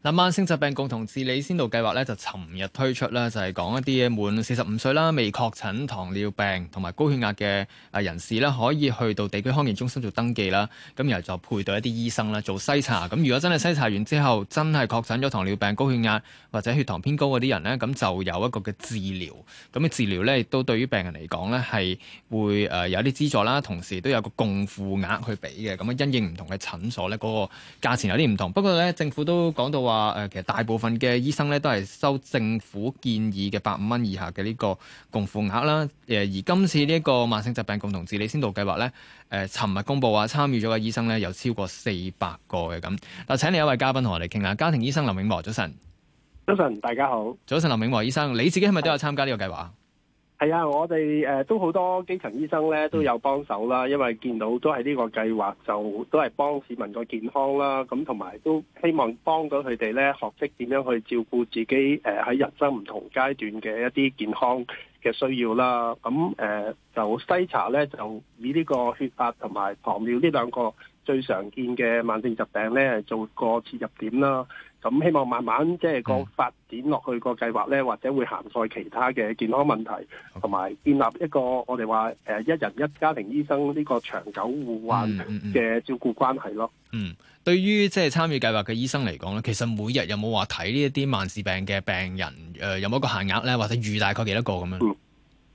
嗱慢性疾病共同治理先導計劃咧，就尋日推出咧，就係、是、講一啲嘅滿四十五歲啦、未確診糖尿病同埋高血壓嘅誒人士啦，可以去到地區康健中心做登記啦。咁然後就配對一啲醫生啦做篩查。咁如果真係篩查完之後真係確診咗糖尿病、高血壓或者血糖偏高嗰啲人咧，咁就有一個嘅治療。咁嘅治療咧亦都對於病人嚟講咧係會誒有啲資助啦，同時都有個共付額去俾嘅。咁因應唔同嘅診所咧，嗰、那個價錢有啲唔同。不過咧，政府都講到。話誒，其實大部分嘅醫生咧都係收政府建議嘅百五蚊以下嘅呢個共付額啦。誒，而今次呢一個慢性疾病共同治理先導計劃咧，誒、呃，尋日公布話參與咗嘅醫生咧有超過四百個嘅咁。嗱，請嚟一位嘉賓同我哋傾下，家庭醫生林永和早晨。早晨，大家好。早晨，林永和醫生，你自己係咪都有參加呢個計劃？啊係啊，我哋誒都好多基層醫生咧都有幫手啦，因為見到都係呢個計劃就都係幫市民個健康啦，咁同埋都希望幫到佢哋咧學識點樣去照顧自己誒喺人生唔同階段嘅一啲健康嘅需要啦。咁誒就篩查咧就以呢個血壓同埋糖尿呢兩個。最常見嘅慢性疾病咧，做個切入點啦。咁希望慢慢即係個發展落去個計劃咧，嗯、或者會涵蓋其他嘅健康問題，同埋好建立一個我哋話誒一人一家庭醫生呢個長久醫患嘅照顧關係咯、嗯嗯。嗯，對於即係參與計劃嘅醫生嚟講咧，其實每日有冇話睇呢一啲慢性病嘅病人？誒、呃，有冇一個限額咧，或者預大概幾多個咁樣？嗯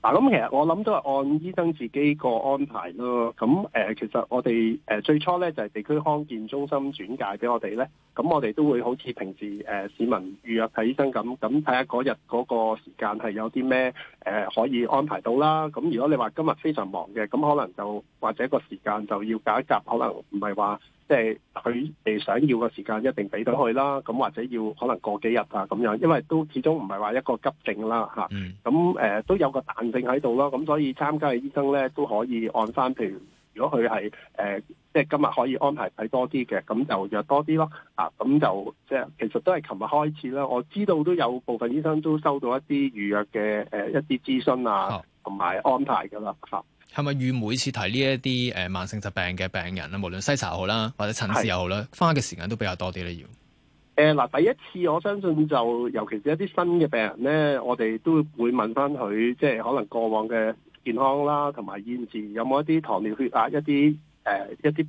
嗱，咁、啊、其實我諗都係按醫生自己個安排咯。咁誒、呃，其實我哋誒、呃、最初咧就係、是、地區康健中心轉介俾我哋咧。咁我哋都會好似平時誒、呃、市民預約睇醫生咁，咁睇下嗰日嗰個時間係有啲咩誒可以安排到啦。咁如果你話今日非常忙嘅，咁可能就或者個時間就要搞一夾，可能唔係話。即係佢哋想要嘅時間，一定俾到佢啦。咁或者要可能過幾日啊，咁樣，因為都始終唔係話一個急症啦，吓、啊。咁誒、嗯呃、都有個彈性喺度咯。咁、嗯、所以參加嘅醫生咧都可以按返，譬如如果佢係誒，即係今日可以安排睇多啲嘅，咁就約多啲咯。啊，咁就即係其實都係琴日開始啦。我知道都有部分醫生都收到一啲預約嘅誒、呃、一啲諮詢啊，同埋、oh. 安排噶啦，啊係咪與每次睇呢一啲誒慢性疾病嘅病人啦，無論篩查好啦，或者診治又好啦，的花嘅時間都比較多啲咧？要誒嗱，第一次我相信就，尤其是一啲新嘅病人咧，我哋都會問翻佢，即係可能過往嘅健康啦，同埋現時有冇一啲糖尿血壓一啲誒、呃、一啲。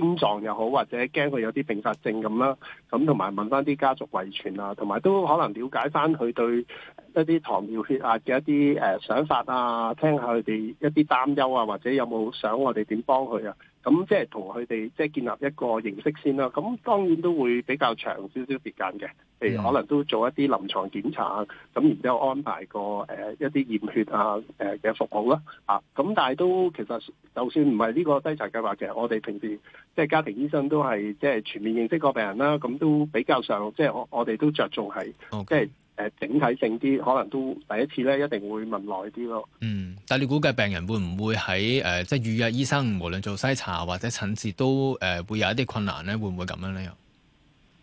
症狀又好，或者驚佢有啲並發症咁啦，咁同埋問翻啲家族遺傳啊，同埋都可能了解翻佢對一啲糖尿血壓嘅一啲誒想法啊，聽下佢哋一啲擔憂啊，或者有冇想我哋點幫佢啊？咁即係同佢哋即係建立一個認識先啦。咁當然都會比較長少少時間嘅，譬如 Yeah. 可能都做一啲臨床檢查，咁然之後安排個誒、呃、一啲驗血啊誒嘅、呃、服務啦。啊，咁但係都其實就算唔係呢個篩查計劃嘅，其實我哋平時即係家庭醫生都係即係全面認識個病人啦。咁都比較上即係我我哋都着重係即係。Okay. 誒，整體性啲可能都第一次咧，一定會問耐啲咯。嗯，但係你估計病人會唔會喺誒、呃，即係預約醫生，無論做篩查或者診治都，都、呃、誒會有一啲困難咧？會唔會咁樣咧？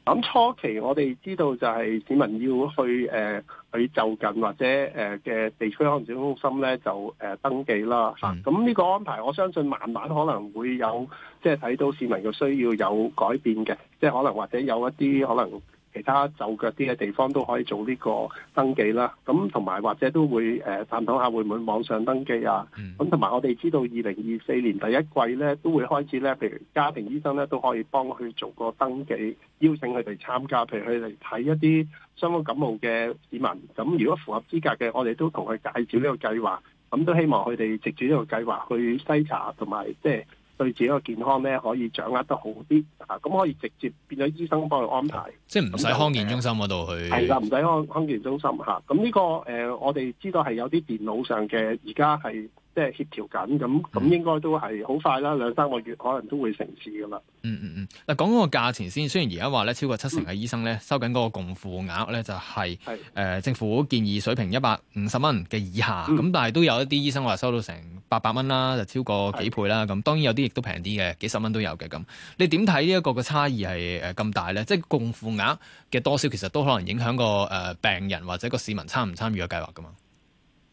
咁、嗯、初期，我哋知道就係市民要去誒、呃、去就近或者誒嘅、呃、地區康健中心咧，就誒、呃、登記啦。咁呢、嗯、個安排，我相信慢慢可能會有，即係睇到市民嘅需要有改變嘅，即、就、係、是、可能或者有一啲可能。可能其他就腳啲嘅地方都可以做呢個登記啦，咁同埋或者都會誒探討下會唔會網上登記啊？咁同埋我哋知道二零二四年第一季呢都會開始呢，譬如家庭醫生呢都可以幫佢做個登記，邀請佢哋參加，譬如佢哋睇一啲傷風感冒嘅市民。咁如果符合資格嘅，我哋都同佢介紹呢個計劃，咁都希望佢哋藉住呢個計劃去篩查同埋即係。對自己個健康咧，可以掌握得好啲啊！咁可以直接變咗醫生幫佢安排，即係唔使康健中心嗰度去。係啦、嗯，唔使康康健中心吓。咁呢個誒，我哋知道係有啲電腦上嘅，而家係即係協調緊，咁咁應該都係好快啦，兩三個月可能都會成事㗎啦。嗯嗯嗯。嗱、嗯，講嗰個價錢先，雖然而家話咧，超過七成嘅醫生咧收緊嗰個共付額咧，就係、是、誒的、呃、政府建議水平一百五十蚊嘅以下，咁、嗯、但係都有一啲醫生話收到成。八百蚊啦，就超過幾倍啦。咁是的 當然有啲亦都平啲嘅，幾十蚊都有嘅。咁你點睇呢一個嘅差異係誒咁大咧？即係共付額嘅多少，其實都可能影響個誒病人或者個市民參唔參與個計劃噶嘛。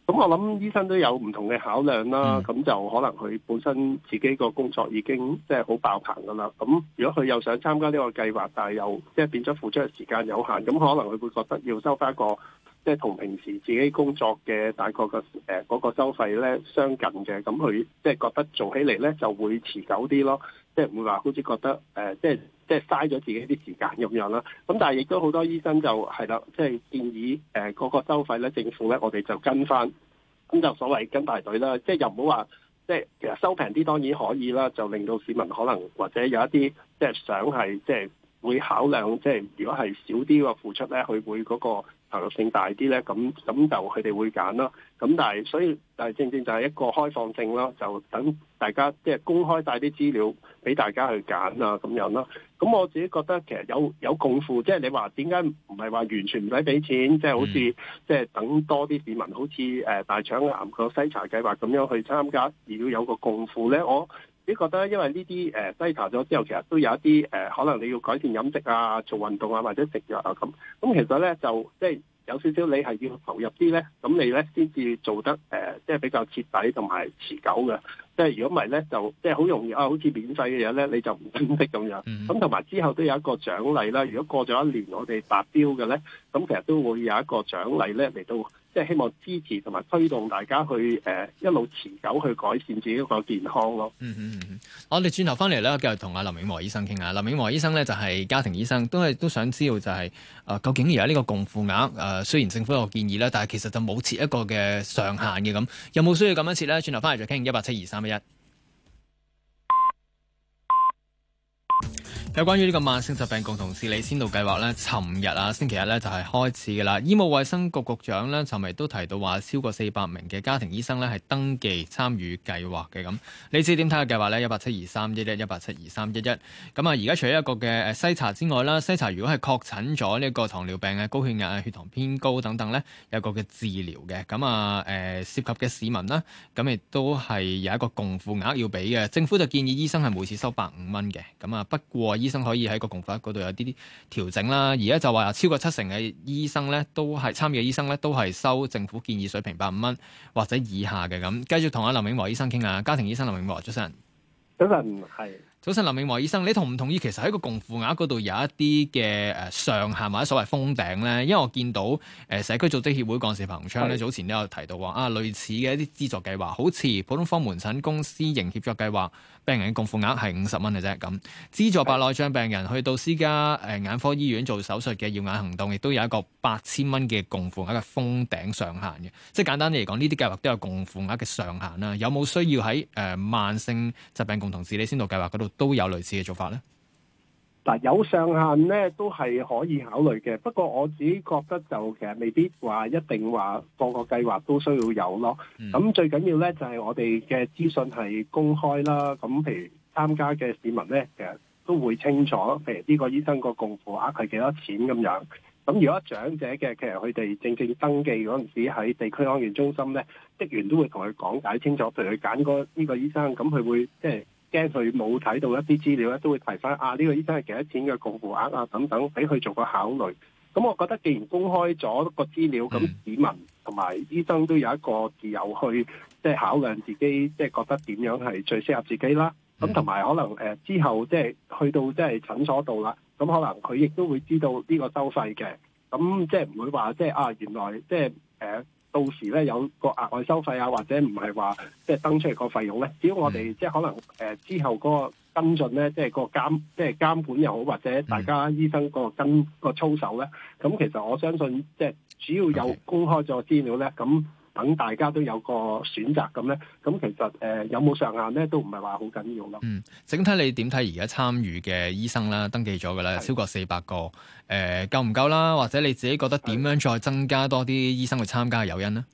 咁我諗醫生都有唔同嘅考量啦。咁、嗯、就可能佢本身自己個工作已經即係好爆棚噶啦。咁如果佢又想參加呢個計劃，但係又即係變咗付出嘅時間有限，咁可能佢會覺得要收翻一個。即係同平時自己工作嘅大概嘅誒嗰個收費咧相近嘅，咁佢即係覺得做起嚟咧就會持久啲咯，即係唔會話好似覺得誒即係即係嘥咗自己啲時間咁樣啦。咁但係亦都好多醫生就係啦，即係建議誒嗰個收費咧，政府咧我哋就跟翻，咁就所謂跟大隊啦。即係又唔好話即係其實收平啲當然可以啦，就令到市民可能或者有一啲即係想係即係會考量即係如果係少啲嘅付出咧，佢會嗰個。投入性大啲咧，咁咁就佢哋會揀啦。咁但係所以，但係正正就係一個開放性啦。就等大家即係、就是、公開晒啲資料俾大家去揀啊，咁樣啦，咁我自己覺得其實有有共付，即、就、係、是、你話點解唔係話完全唔使俾錢，即、就、係、是、好似即係等多啲市民好似誒大腸癌個篩查計劃咁樣去參加，如果有個共付咧，我。你覺得因為呢啲誒篩查咗之後，其實都有一啲誒、呃，可能你要改善飲食啊、做運動啊，或者食藥啊咁。咁、嗯、其實咧就即係有少少你係要投入啲咧，咁你咧先至做得誒、呃，即係比較徹底同埋持久嘅。即係如果唔係咧，就即係好容易啊，好似免費嘅嘢咧，你就唔珍惜咁樣。咁同埋之後都有一個獎勵啦。如果過咗一年我哋達標嘅咧，咁其實都會有一個獎勵咧嚟到。即係希望支持同埋推動大家去誒、呃、一路持久去改善自己個健康咯。嗯嗯嗯嗯，啊、我哋轉頭翻嚟，咧，繼續同阿林永和醫生傾下。林永和醫生咧就係、是、家庭醫生，都係都想知道就係、是、誒、呃、究竟而家呢個共付額誒，雖然政府有個建議啦，但係其實就冇設一個嘅上限嘅咁，有冇需要咁樣設咧？轉頭翻嚟再傾。一八七二三一一。有關於呢個慢性疾病共同治理先導計劃呢，尋日啊，星期一呢就係、是、開始噶啦。醫務衛生局局長呢尋日都提到話，超過四百名嘅家庭醫生呢係登記參與計劃嘅咁。你知點睇下計劃呢？一八七二三一一一八七二三一一。咁啊！而家除咗一個嘅誒篩查之外啦，篩查如果係確診咗呢個糖尿病啊、高血壓啊、血糖偏高等等呢，有一個嘅治療嘅。咁啊，誒涉及嘅市民啦，咁亦都係有一個共付額要俾嘅。政府就建議醫生係每次收百五蚊嘅。咁啊，不過醫生可以喺個共法嗰度有啲啲調整啦，而家就話超過七成嘅醫生咧都係參與嘅醫生咧都係收政府建議水平百五蚊或者以下嘅。咁，繼續同阿林永和醫生傾下家庭醫生林永和，早晨，早晨係。早晨，林永和醫生，你同唔同意其實喺個共付額嗰度有一啲嘅誒上限或者所謂封頂咧？因為我見到誒、呃、社區組織協會幹事彭昌咧，早前都有提到話啊，類似嘅一啲資助計劃，好似普通科門診公私營協作計劃，病人嘅共付額係五十蚊嘅啫。咁資助白內障病人去到私家誒眼科醫院做手術嘅耀眼行動，亦都有一個八千蚊嘅共付額嘅封頂上限嘅。即係簡單嚟講，呢啲計劃都有共付額嘅上限啦。有冇需要喺誒、呃、慢性疾病共同治理先導計劃嗰度？都有類似嘅做法咧。嗱，有上限咧，都係可以考慮嘅。不過我自己覺得就其實未必話一定話個個計劃都需要有咯。咁、嗯、最緊要咧就係、是、我哋嘅資訊係公開啦。咁譬如參加嘅市民咧，其實都會清楚。譬如呢個醫生個共付額係幾多錢咁樣。咁如果長者嘅，其實佢哋正正登記嗰陣時喺地區康健中心咧，職員都會同佢講解清楚。譬如佢揀嗰呢個醫生，咁佢會即係。驚佢冇睇到一啲資料咧，都會提翻啊，呢個醫生係幾多錢嘅共付額啊等等，俾佢做個考慮。咁我覺得既然公開咗個資料，咁市民同埋醫生都有一個自由去即係考量自己，即係覺得點樣係最適合自己啦。咁同埋可能誒之後即係去到即係診所度啦，咁可能佢亦都會知道呢個收費嘅，咁即係唔會話即係啊原來即係誒。到時咧有個額外收費啊，或者唔係話即係登出嚟個費用咧，只要我哋即係可能誒、呃、之後嗰個跟進咧，即係個監即係監管又好，或者大家醫生個跟個操守咧，咁其實我相信即係只要有公開咗資料咧，咁。等大家都有個選擇咁咧，咁其實誒有冇上限咧都唔係話好緊要咯。嗯，整體你點睇而家參與嘅醫生啦？登記咗㗎啦，超過四百個，誒的、欸、夠唔夠啦？或者你自己覺得點樣再增加多啲醫生去參加嘅誘因呢？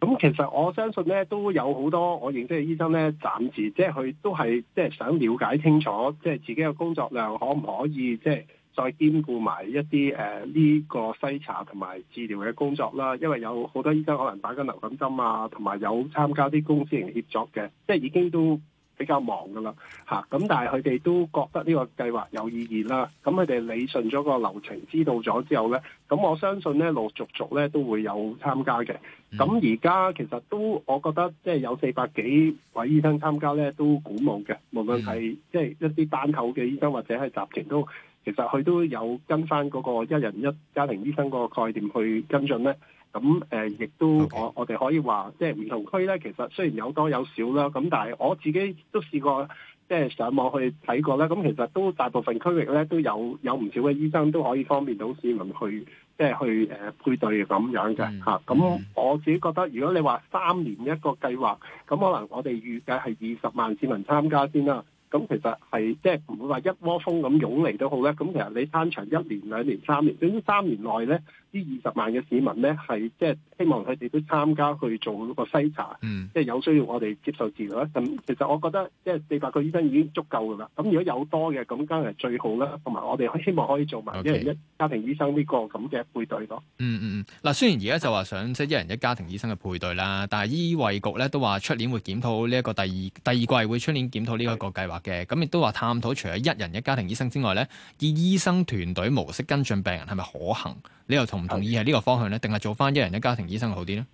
咁其實我相信咧都有好多我認識嘅醫生咧，暫時即係佢都係即係想了解清楚，即係自己嘅工作量可唔可以即係？再兼顧埋一啲誒呢個篩查同埋治療嘅工作啦，因為有好多醫生可能打緊流感針啊，同埋有參加啲公司營協作嘅，即係已經都。比較忙㗎喇，吓，咁但係佢哋都覺得呢個計劃有意義啦。咁佢哋理順咗個流程，知道咗之後呢，咁我相信呢陸續續呢都會有參加嘅。咁而家其實都我覺得即係有四百幾位醫生參加呢都鼓舞嘅。無論係即係一啲單口嘅醫生或者係集團都，其實佢都有跟返嗰個一人一家庭醫生嗰個概念去跟進呢。咁誒，亦都我我哋可以話，即係唔同區咧。其實雖然有多有少啦，咁但係我自己都試過，即係上網去睇過啦。咁其實都大部分區域咧都有有唔少嘅醫生都可以方便到市民去，即係去誒配對咁樣嘅吓。咁、嗯啊、我自己覺得，如果你話三年一個計劃，咁可能我哋預計係二十萬市民參加先啦。咁其實係即係唔會話一窩蜂咁湧嚟都好咧。咁其實你攤長一年、兩年、三年，總之三年內咧。呢二十萬嘅市民呢，係即係希望佢哋都參加去做個篩查，嗯、即係有需要我哋接受治療啦。咁其實我覺得即係四百個醫生已經足夠噶啦。咁如果有多嘅，咁梗係最好啦。同埋我哋希望可以做埋一人一家庭醫生呢個咁嘅配對咯、嗯。嗯嗯，嗱，雖然而家就話想即係、就是、一人一家庭醫生嘅配對啦，但係醫衞局呢都話出年會檢討呢一個第二第二季會出年檢討呢一個計劃嘅。咁亦、嗯、都話探討除咗一人一家庭醫生之外呢，以醫生團隊模式跟進病人係咪可行？你又同。同意係呢個方向咧，定係做返一人一家庭醫生好啲咧？誒、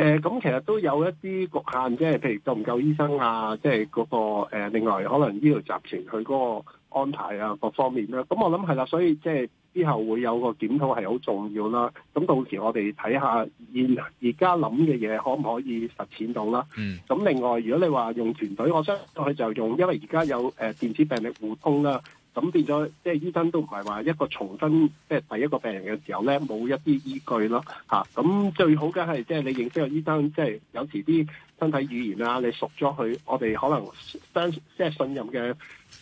呃，咁其實都有一啲局限，即係譬如夠唔夠醫生啊，即係嗰個、呃、另外可能醫療集團佢嗰個安排啊，各方面啦。咁我諗係啦，所以即係之後會有個檢討係好重要啦。咁到時我哋睇下現而家諗嘅嘢可唔可以實踐到啦？咁、嗯、另外，如果你話用團隊，我相信佢就用，因為而家有誒電子病歷互通啦。咁變咗，即係醫生都唔係話一個重新，即係第一個病人嘅時候咧，冇一啲依據咯，嚇、啊！咁最好嘅係即係你認識個醫生，即係有時啲身體語言啊，你熟咗佢，我哋可能相即係信任嘅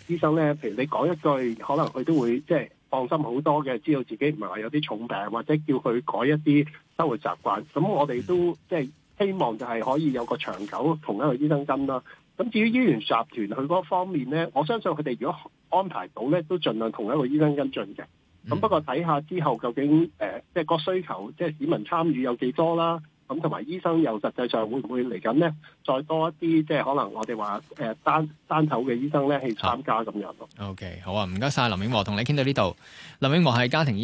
醫生咧。譬如你講一句，可能佢都會即係放心好多嘅，知道自己唔係話有啲重病，或者叫佢改一啲生活習慣。咁我哋都即係希望就係可以有個長久同一個醫生跟啦。咁至於醫院集團佢嗰方面咧，我相信佢哋如果，安排到咧，都盡量同一個醫生跟進嘅。咁、嗯、不過睇下之後究竟誒、呃、即係個需求，即係市民參與有幾多啦。咁同埋醫生又實際上會唔會嚟緊咧，再多一啲，即係可能我哋話誒單單，單頭嘅醫生咧去參加咁樣咯、啊。OK，好啊，唔該晒。林永和，同你傾到呢度。林永和係家庭醫。